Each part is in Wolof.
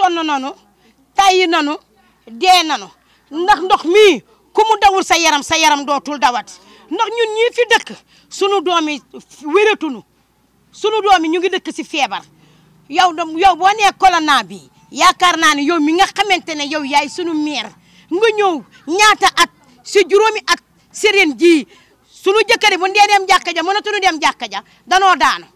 sonn nanu tàyyi nanu dee nanu ndax ndox mii ku dawul sa yaram sa yaram dootul dawat ndax ñun ñii fi dëkk sunu doom yi wératunu sunu ñu ngi dëkk si feebar yow da yow boo nee corona bi yaakaar naa yow mi nga yow yaay sunu mir, nga nyata ñaata at si at serendi, ji sunu jëkkëri bu ndee dem jàkka ja mënatuñu dem jàkka ja danoo daanu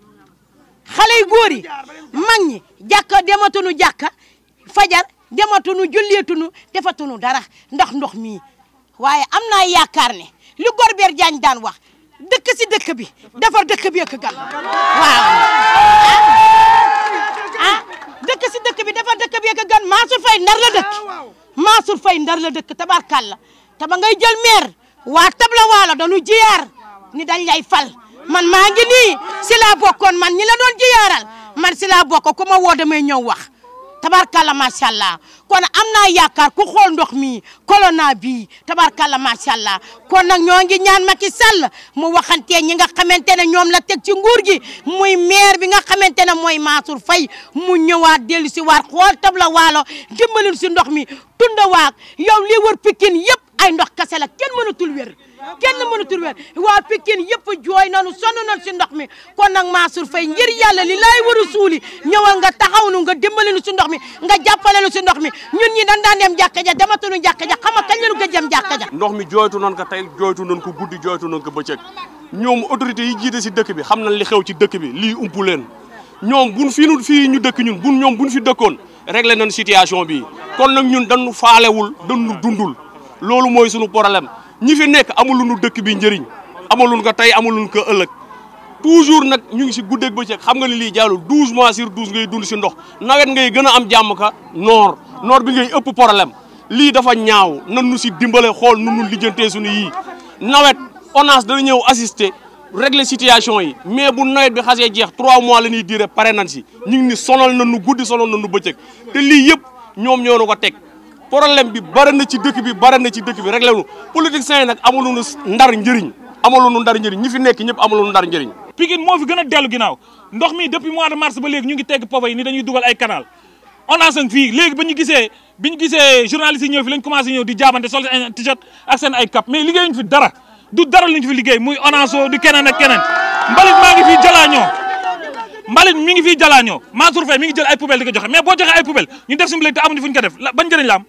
fajar jamatunu matunu defatunu dara ndax ndox mi waye amna yakar ne lu Golbert jagn dan wax dëkk ci dëkk bi defar dëkk bi ak gan waaw ah ci ah, si bi defar dëkk bi ak gan Mansour fay ndar la dëkk Mansour jalmer. ndar la dëkk tabarkallah ta ba ngay jël mer wa tabla wala dañu jiar ni dañ lay fal man maa ngi nii si man ñi la doon jiaral man sila bokko kuma wo damay wax tabarkalla macha allah kon am naa yaakaar ku xool ndox mi corona bi tabarkalla macha allah kon nag ñoo ngi ñaan Macky Sall mu waxantee ñi nga xamante ne ñoom la teg ci nguur gi muy maire bi nga xamante ne mooy Mansour fay mu ñëwaat dellu si waat xool tabla waalo dimbalin si ndox mi tunda waak yow lii wër Pikine yëpp ay ndox kese la mënatul wér kenn mënatul wér waa Pikine yëpp jooy nanu sonn nañ si ndox mi kon nag Mansour Faye ngir yàlla li laay war a suuli ñawal nga taxaw nu nga dembale nu si ndox mi nga jàppale nu si ndox mi ñun ñi dañ daan dem jàkka ja dematuñu jàkka ja xama kañ lañu gëj dem jàkka ja ndox mi jooytu nañ ko tey jooytu nañ ko guddi jooytu nañ ko bëccëg ñoom autorité yi jiite si dëkk bi xam nañ li xew ci dëkk bi lii umpu leen ñoom buñ fi nu fii ñu dëkk ñun buñ ñoom buñ fi dëkkoon réglé nañ situation bi kon nag ñun dañu faalewul dañu dundul loolu mooy suñu problème Nous fi nekk amuluñu dëkk bi toujours nous ñu ngi si guddeeg bëccëg nous nga ni 12 mois sur 12 ngay dund avons ndox nawet ngay nous am ka Nous avons bi ngay ëpp problème dafa ñaaw nan nous avons dimbale Nous nu nu lijjantee suñu ONAS avons ñëw assister régler situation yi mais bu nawet mois la ñuy pare si ñu ngi ni sonal nous guddi problème bi bari na ci dëkk bi bari na ci dëkk bi réglé wu politiciens yi nag amaluñu ndar njëriñ amaluñu ndar njëriñ ñi fi nekk ñëpp amaluñu ndar njëriñ. Pikine moo fi gën a dellu ginnaaw ndox mi depuis mois de mars ba léegi ñu ngi tegg pova yi ni dañuy dugal ay canal onacen fii léegi ba ñu gisee bi ñu gisee journalistes yi ñëw fi lañ commencé ñëw di jaabante sol en t-shirt ak seen ay cap mais liggéeyuñ fi dara du dara luñ fi liggéey muy onaso du keneen ak keneen mbalit maa ngi fii mbalit mi ngi fiy jalaañoo Mansour Faye mi ngi jël ay poubelle di ko joxe mais boo joxee ay poubelle ñu def suñu te amuñu fu ñu ko def ban njëriñ la am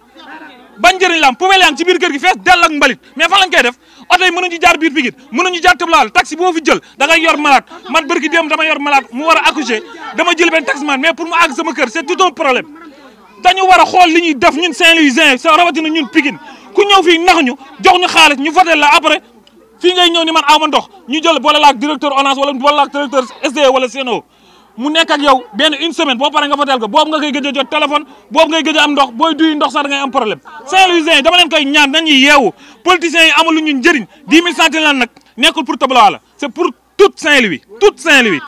ban njëriñ la yaa ngi ci kër gi fees dell ak mbalit mais fan lañ koy def oto yi mënuñu jaar biir Pikine mënuñu jaar tëblaal taxi boo fi jël da yor malade man bërki dama yor malade mu war a dama jël benn taximan mais pour mu àgg sama kër c'est tout un problème dañu war a xool li ñuy def ñun Saint-Louisien sa rawatina ñun Pikine fii nax ñu jox ñu xaalis ñu voté ñu jël boole laak wala boole laak mu nek ak yow ben une semaine bo paré nga votel ko bob nga koy gëj a jot téléphone bob ngay gëj a am ndox boy duy ndox sax da ngay am problème Saint-Louisien yi dama len koy ñaan nañuy yeewu politiciens yi amu lu ñu ñëriñ 10000 centimes lan nag pour tabla la c'est pour toute Saint-Louis toute Saint-Louis